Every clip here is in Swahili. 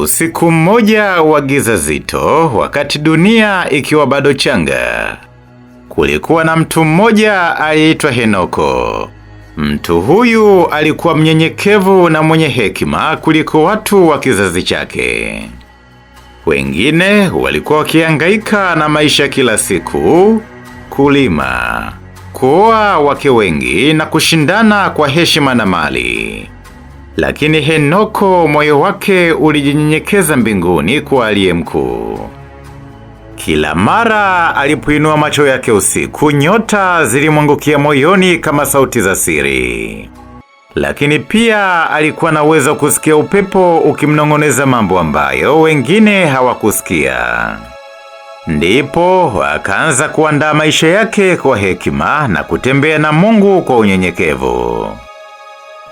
Usiku mmoja wa giza zito, wakati dunia ikiwa bado changa, kulikuwa na mtu mmoja aliyeitwa Henoko. Mtu huyu alikuwa mnyenyekevu na mwenye hekima kuliko watu wa kizazi chake. Wengine walikuwa wakihangaika na maisha kila siku, kulima, kuoa wake wengi na kushindana kwa heshima na mali lakini Henoko moyo wake ulijinyenyekeza mbinguni kwa aliye mkuu. Kila mara alipoinua macho yake usiku, nyota zilimwangukia moyoni kama sauti za siri. Lakini pia alikuwa na uwezo wa kusikia upepo ukimnong'oneza mambo ambayo wengine hawakusikia. Ndipo akaanza kuandaa maisha yake kwa hekima na kutembea na Mungu kwa unyenyekevu.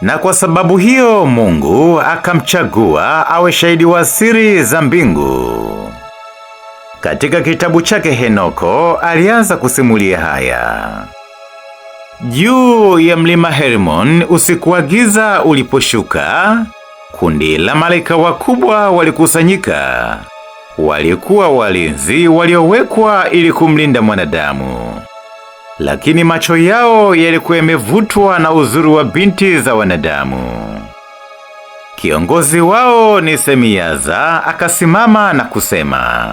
Na kwa sababu hiyo Mungu akamchagua awe shahidi wa siri za mbingu. Katika kitabu chake Henoko alianza kusimulia haya. Juu ya mlima Hermon usiku wa giza uliposhuka, kundi la malaika wakubwa walikusanyika. Walikuwa walinzi waliowekwa ili kumlinda mwanadamu lakini macho yao yalikuwa yamevutwa na uzuri wa binti za wanadamu. Kiongozi wao ni Semiaza akasimama na kusema,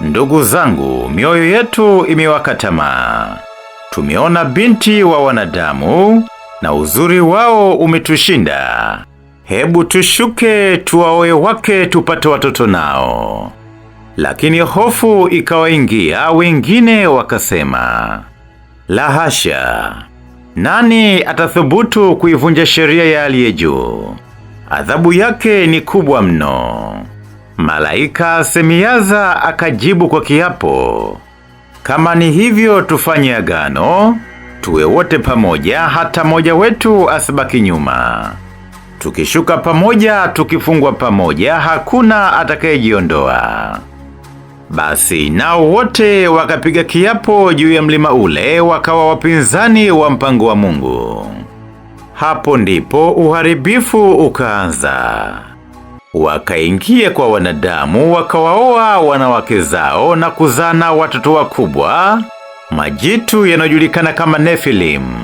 ndugu zangu, mioyo yetu imewaka tamaa. Tumeona binti wa wanadamu na uzuri wao umetushinda. Hebu tushuke tuwaoe wake, tupate watoto nao. Lakini hofu ikawaingia, wengine wakasema la hasha! Nani atathubutu kuivunja sheria ya aliye juu? Adhabu yake ni kubwa mno. Malaika Semiaza akajibu kwa kiapo, kama ni hivyo, tufanye agano, tuwe wote pamoja, hata moja wetu asibaki nyuma. Tukishuka pamoja, tukifungwa pamoja, hakuna atakayejiondoa. Basi nao wote wakapiga kiapo juu ya mlima ule, wakawa wapinzani wa mpango wa Mungu. Hapo ndipo uharibifu ukaanza. Wakaingia kwa wanadamu, wakawaoa wanawake zao na kuzana watoto wakubwa, majitu yanayojulikana kama Nefilimu.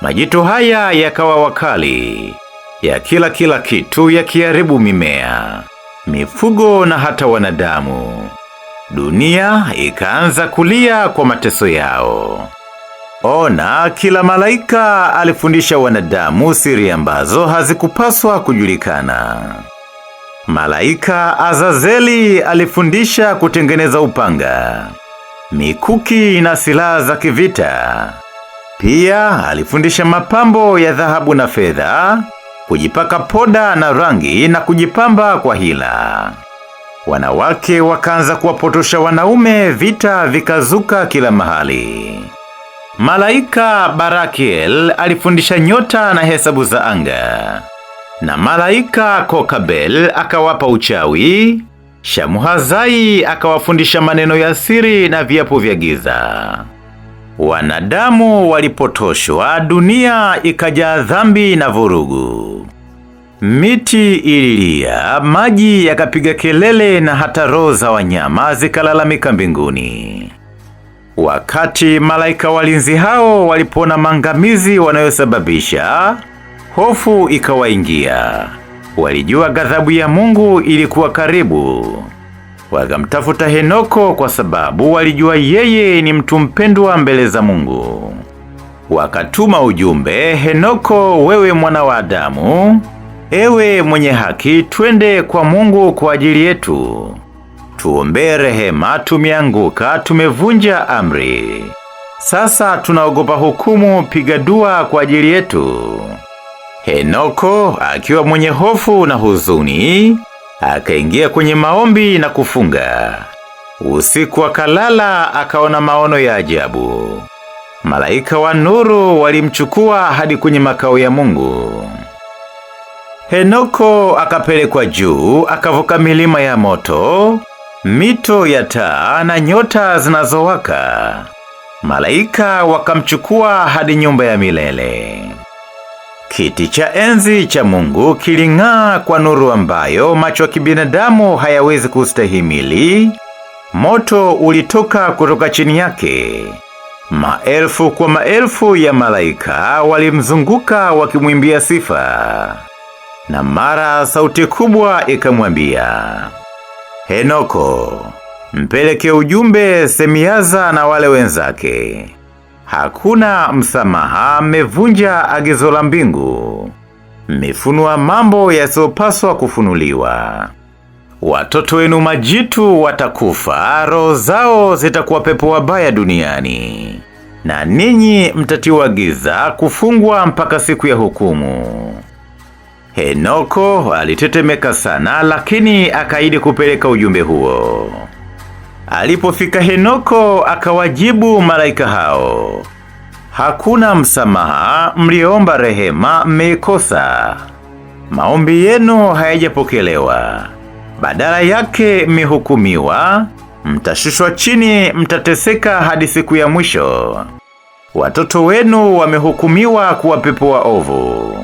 Majitu haya yakawa wakali, ya kila kila kitu, yakiharibu mimea mifugo na hata wanadamu. Dunia ikaanza kulia kwa mateso yao. Ona, kila malaika alifundisha wanadamu siri ambazo hazikupaswa kujulikana. Malaika Azazeli alifundisha kutengeneza upanga, mikuki na silaha za kivita. Pia alifundisha mapambo ya dhahabu na fedha kujipaka poda na rangi na kujipamba kwa hila. Wanawake wakaanza kuwapotosha wanaume, vita vikazuka kila mahali. Malaika Barakiel alifundisha nyota na hesabu za anga, na malaika Kokabel akawapa uchawi. Shamuhazai akawafundisha maneno ya siri na viapo vya giza. Wanadamu walipotoshwa, dunia ikajaa dhambi na vurugu. Miti ililia, maji yakapiga kelele, na hata roho za wanyama zikalalamika mbinguni. Wakati malaika walinzi hao walipoona maangamizi wanayosababisha, hofu ikawaingia. Walijua ghadhabu ya Mungu ilikuwa karibu wakamtafuta Henoko kwa sababu walijua yeye ni mtu mpendwa mbele za Mungu. Wakatuma ujumbe, Henoko, wewe mwana wa Adamu, ewe mwenye haki, twende kwa Mungu kwa ajili yetu, tuombe rehema, tumeanguka, tumevunja amri. Sasa tunaogopa hukumu, piga dua kwa ajili yetu. Henoko akiwa mwenye hofu na huzuni akaingia kwenye maombi na kufunga. Usiku akalala, akaona maono ya ajabu. Malaika wa nuru walimchukua hadi kwenye makao ya Mungu. Henoko akapelekwa juu, akavuka milima ya moto, mito ya taa na nyota zinazowaka. Malaika wakamchukua hadi nyumba ya milele. Kiti cha enzi cha Mungu kiling'aa kwa nuru ambayo macho ya kibinadamu hayawezi kustahimili. Moto ulitoka kutoka chini yake. Maelfu kwa maelfu ya malaika walimzunguka wakimwimbia sifa, na mara sauti kubwa ikamwambia, Henoko, mpeleke ujumbe Semiaza na wale wenzake hakuna msamaha, mmevunja agizo la mbingu, mmefunua mambo yasiyopaswa kufunuliwa. Watoto wenu majitu watakufa, roho zao zitakuwa pepo wabaya duniani, na ninyi mtatiwa giza, kufungwa mpaka siku ya hukumu. Henoko alitetemeka sana, lakini akaidi kupeleka ujumbe huo. Alipofika Henoko akawajibu malaika hao, hakuna msamaha mliomba rehema mmeikosa, maombi yenu hayajapokelewa, badala yake mmehukumiwa, mtashushwa chini, mtateseka hadi siku ya mwisho. Watoto wenu wamehukumiwa kuwa pepo waovu.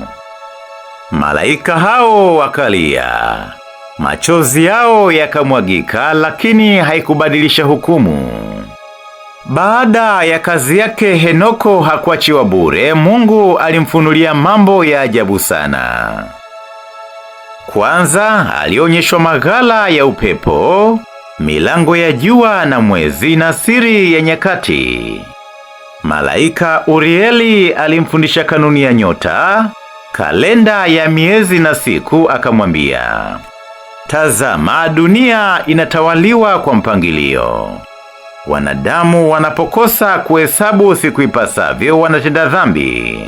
Malaika hao wakalia Machozi yao yakamwagika, lakini haikubadilisha hukumu. Baada ya kazi yake, Henoko hakuachiwa bure. Mungu alimfunulia mambo ya ajabu sana. Kwanza alionyeshwa maghala ya upepo, milango ya jua na mwezi, na siri ya nyakati. Malaika Urieli alimfundisha kanuni ya nyota, kalenda ya miezi na siku, akamwambia Tazama, dunia inatawaliwa kwa mpangilio. Wanadamu wanapokosa kuhesabu siku ipasavyo, wanatenda dhambi,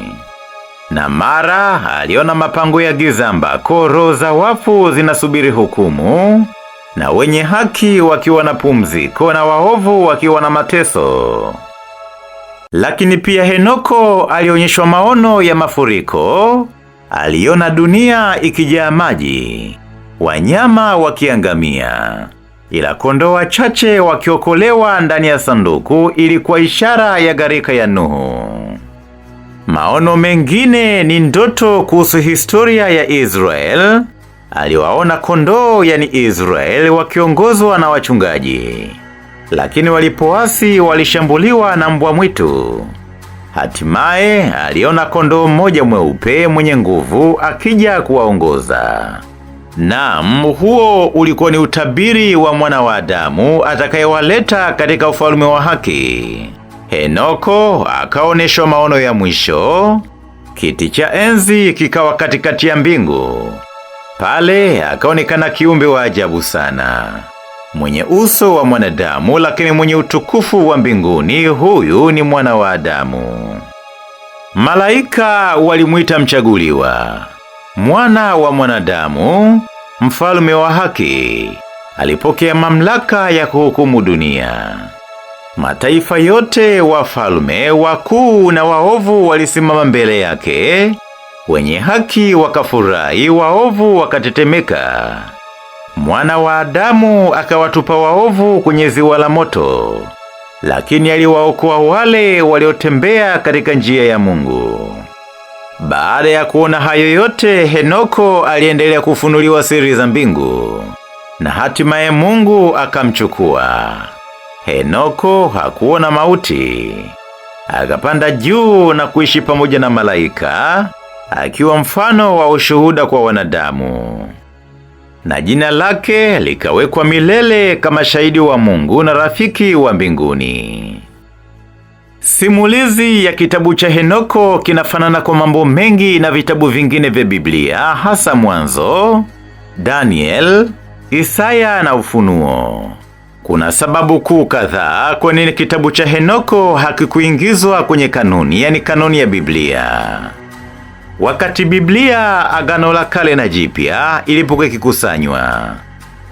na mara aliona mapango ya giza, ambako roho za wafu zinasubiri hukumu, na wenye haki wakiwa na pumziko, na waovu wakiwa na mateso. Lakini pia Henoko alionyeshwa maono ya mafuriko. Aliona dunia ikijaa maji wanyama wakiangamia, ila kondoo wachache wakiokolewa ndani ya sanduku ilikuwa ishara ya gharika ya Nuhu. Maono mengine ni ndoto kuhusu historia ya Israel. Aliwaona kondoo, yani Israel, wakiongozwa na wachungaji, lakini walipoasi walishambuliwa na mbwa mwitu. Hatimaye aliona kondoo mmoja mweupe mwenye nguvu akija kuwaongoza. Naam, huo ulikuwa ni utabiri wa mwana wa Adamu atakayewaleta katika ufalume wa haki. Henoko akaoneshwa maono ya mwisho, kiti cha enzi kikawa katikati ya mbingu. Pale akaonekana kiumbe wa ajabu sana mwenye uso wa mwanadamu, lakini mwenye utukufu wa mbinguni. Huyu ni mwana wa Adamu. Malaika walimwita mchaguliwa mwana wa mwanadamu, mfalme wa haki, alipokea mamlaka ya kuhukumu dunia. Mataifa yote, wafalme wakuu na waovu, walisimama mbele yake. Wenye haki wakafurahi, waovu wakatetemeka. Mwana wa Adamu akawatupa waovu kwenye ziwa la moto, lakini aliwaokoa wale waliotembea katika njia ya Mungu. Baada ya kuona hayo yote, Henoko aliendelea kufunuliwa siri za mbingu na hatimaye Mungu akamchukua. Henoko hakuona mauti, akapanda juu na kuishi pamoja na malaika, akiwa mfano wa ushuhuda kwa wanadamu, na jina lake likawekwa milele kama shahidi wa Mungu na rafiki wa mbinguni. Simulizi ya kitabu cha Henoko kinafanana kwa mambo mengi na vitabu vingine vya Biblia, hasa Mwanzo, Daniel, Isaya na Ufunuo. Kuna sababu kuu kadhaa kwa nini kitabu cha Henoko hakikuingizwa kwenye kanuni, yani kanuni ya Biblia. Wakati Biblia Agano la Kale na Jipya ilipokuwa ikikusanywa,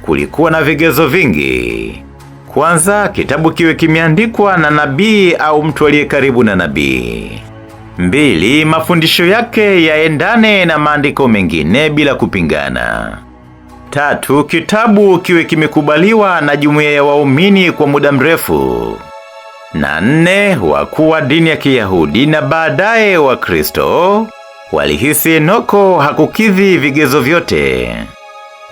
kulikuwa na vigezo vingi kwanza kitabu kiwe kimeandikwa na nabii au mtu aliye karibu na nabii. Mbili, mafundisho yake yaendane na maandiko mengine bila kupingana. Tatu, kitabu kiwe kimekubaliwa na jumuiya ya waumini kwa muda mrefu. Na nne, wakuu wa dini ya Kiyahudi na baadaye Wakristo walihisi Enoko hakukidhi vigezo vyote.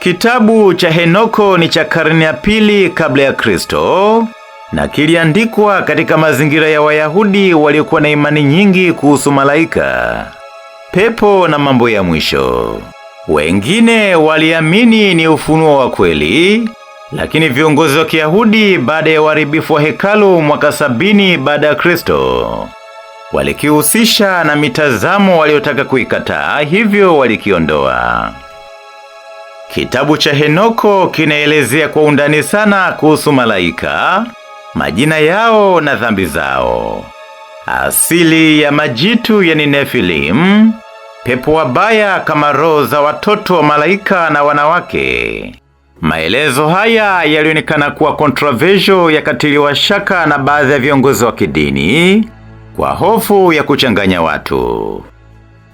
Kitabu cha Henoko ni cha karne ya pili kabla ya Kristo na kiliandikwa katika mazingira ya Wayahudi waliokuwa na imani nyingi kuhusu malaika, pepo na mambo ya mwisho. Wengine waliamini ni ufunuo wa kweli, lakini viongozi wa Kiyahudi baada ya uharibifu wa hekalu mwaka sabini baada ya Kristo walikihusisha na mitazamo waliotaka kuikataa, hivyo walikiondoa. Kitabu cha Henoko kinaelezea kwa undani sana kuhusu malaika, majina yao na dhambi zao, asili ya majitu ya Ninefilimu, pepo wabaya kama roho za watoto wa malaika na wanawake. Maelezo haya yalionekana kuwa kontroversho, yakatiliwa shaka na baadhi ya viongozi wa kidini kwa hofu ya kuchanganya watu.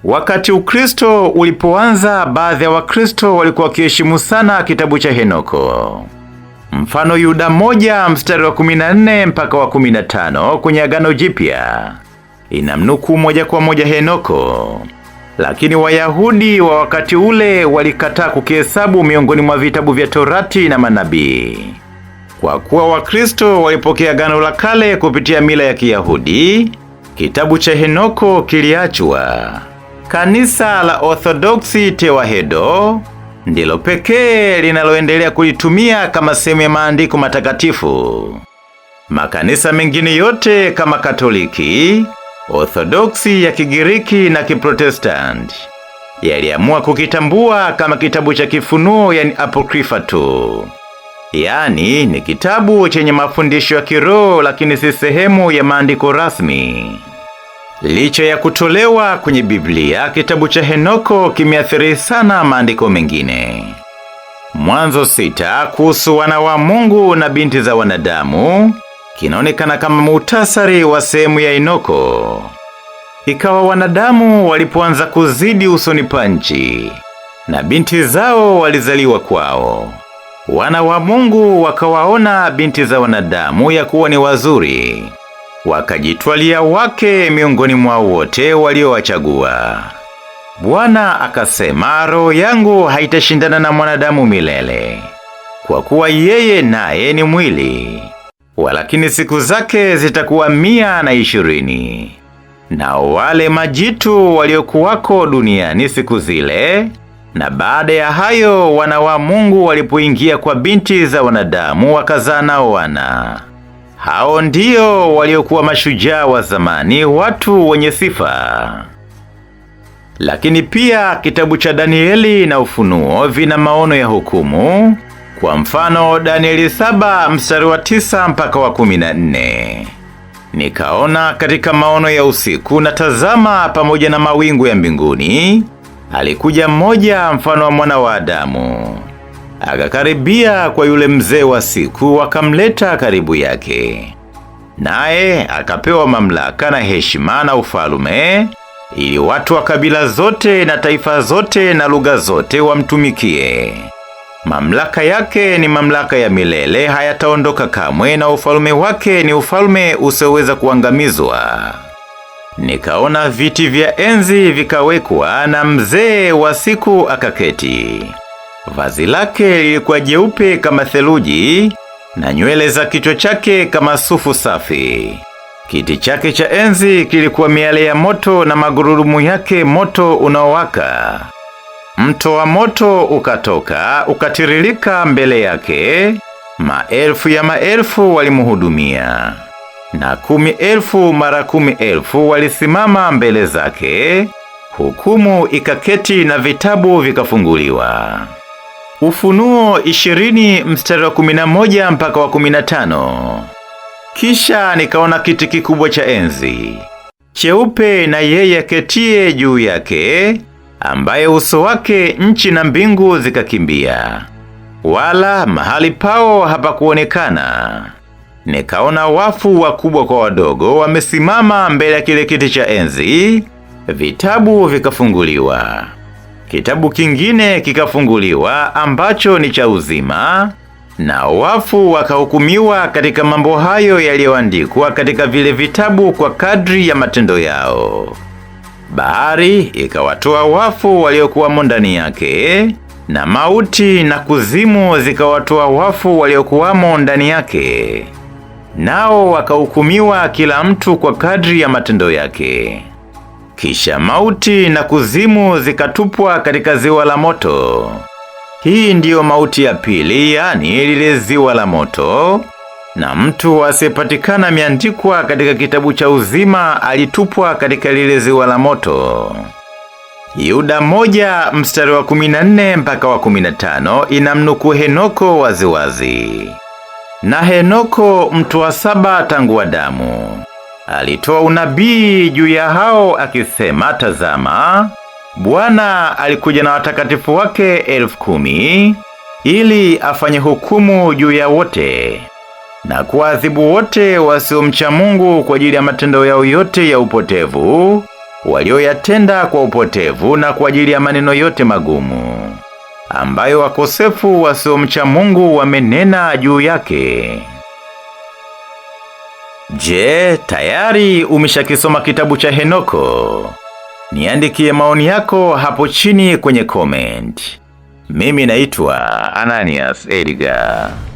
Wakati Ukristo ulipoanza, baadhi ya Wakristo walikuwa wakiheshimu sana kitabu cha Henoko. Mfano Yuda moja mstari wa 14 mpaka wa 15 kwenye Agano Jipya inamnukuu moja kwa moja Henoko. Lakini Wayahudi wa wakati ule walikataa kukihesabu miongoni mwa vitabu vya Torati na manabii, kwa kuwa Wakristo walipokea Agano la Kale kupitia mila ya Kiyahudi. Kitabu cha Henoko kiliachwa. Kanisa la Orthodoksi Tewahedo ndilo pekee linaloendelea kulitumia kama sehemu ya maandiko matakatifu. Makanisa mengine yote kama Katoliki, Orthodoksi ya Kigiriki na Kiprotestanti yaliamua kukitambua kama kitabu cha kifunuo, yani apokrifa tu, yaani ni kitabu chenye mafundisho ya kiroho, lakini si sehemu ya maandiko rasmi. Licha ya kutolewa kwenye Biblia, kitabu cha Henoko kimeathiri sana maandiko mengine. Mwanzo sita kuhusu wana wa Mungu na binti za wanadamu kinaonekana kama muhtasari wa sehemu ya Henoko. Ikawa wanadamu walipoanza kuzidi usoni pa nchi na binti zao walizaliwa kwao, wana wa Mungu wakawaona binti za wanadamu ya kuwa ni wazuri wakajitwalia wake miongoni mwao wote waliowachagua. Bwana akasema, roho yangu haitashindana na mwanadamu milele, kwa kuwa yeye naye ni mwili, walakini siku zake zitakuwa mia na ishirini. Na wale majitu waliokuwako duniani siku zile na baada ya hayo wana wa Mungu walipoingia kwa binti za wanadamu wakazaa nao wana. Hao ndio waliokuwa mashujaa wa zamani, watu wenye sifa. Lakini pia kitabu cha Danieli na Ufunuo vina maono ya hukumu. Kwa mfano, Danieli 7 mstari wa tisa mpaka wa 14 nikaona katika maono ya usiku, na tazama, pamoja na mawingu ya mbinguni alikuja mmoja mfano wa mwana wa Adamu, Akakaribia kwa yule mzee wa siku, akamleta karibu yake, naye akapewa mamlaka na heshima na ufalume, ili watu wa kabila zote na taifa zote na lugha zote wamtumikie. Mamlaka yake ni mamlaka ya milele, hayataondoka kamwe, na ufalume wake ni ufalume usioweza kuangamizwa. Nikaona viti vya enzi vikawekwa, na mzee wa siku akaketi. Vazi lake lilikuwa jeupe kama theluji na nywele za kichwa chake kama sufu safi. Kiti chake cha enzi kilikuwa miale ya moto na magurudumu yake moto unaowaka. Mto wa moto ukatoka ukatiririka mbele yake. Maelfu ya maelfu walimhudumia, na kumi elfu mara kumi elfu walisimama mbele zake. Hukumu ikaketi na vitabu vikafunguliwa. Ufunuo 20 mstari wa 11 mpaka wa 15. Kisha nikaona kiti kikubwa cha enzi cheupe na yeye aketie juu yake, ambaye uso wake nchi na mbingu zikakimbia, wala mahali pao hapakuonekana. Nikaona wafu wakubwa kwa wadogo wamesimama mbele ya kile kiti cha enzi, vitabu vikafunguliwa. Kitabu kingine kikafunguliwa ambacho ni cha uzima, na wafu wakahukumiwa katika mambo hayo yaliyoandikwa katika vile vitabu kwa kadri ya matendo yao. Bahari ikawatoa wafu waliokuwamo ndani yake, na mauti na kuzimu zikawatoa wafu waliokuwamo ndani yake, nao wakahukumiwa kila mtu kwa kadri ya matendo yake. Kisha mauti na kuzimu zikatupwa katika ziwa la moto. Hii ndiyo mauti ya pili, yani lile ziwa la moto. Na mtu asiyepatikana ameandikwa katika kitabu cha uzima alitupwa katika lile ziwa la moto. Yuda moja mstari wa 14 mpaka wa 15 inamnukuu Henoko waziwazi. Na Henoko mtu wa saba tangu Adamu alitoa unabii juu ya hao akisema, tazama, Bwana alikuja na watakatifu wake elfu kumi ili afanye hukumu juu ya wote na kuadhibu wote wasiomcha Mungu kwa ajili ya matendo yao yote ya upotevu walioyatenda kwa upotevu, na kwa ajili ya maneno yote magumu ambayo wakosefu wasiomcha Mungu wamenena juu yake. Je, tayari umeshakisoma kitabu cha Henoko? Niandikie maoni yako hapo chini kwenye comment. Mimi naitwa Ananias Edgar.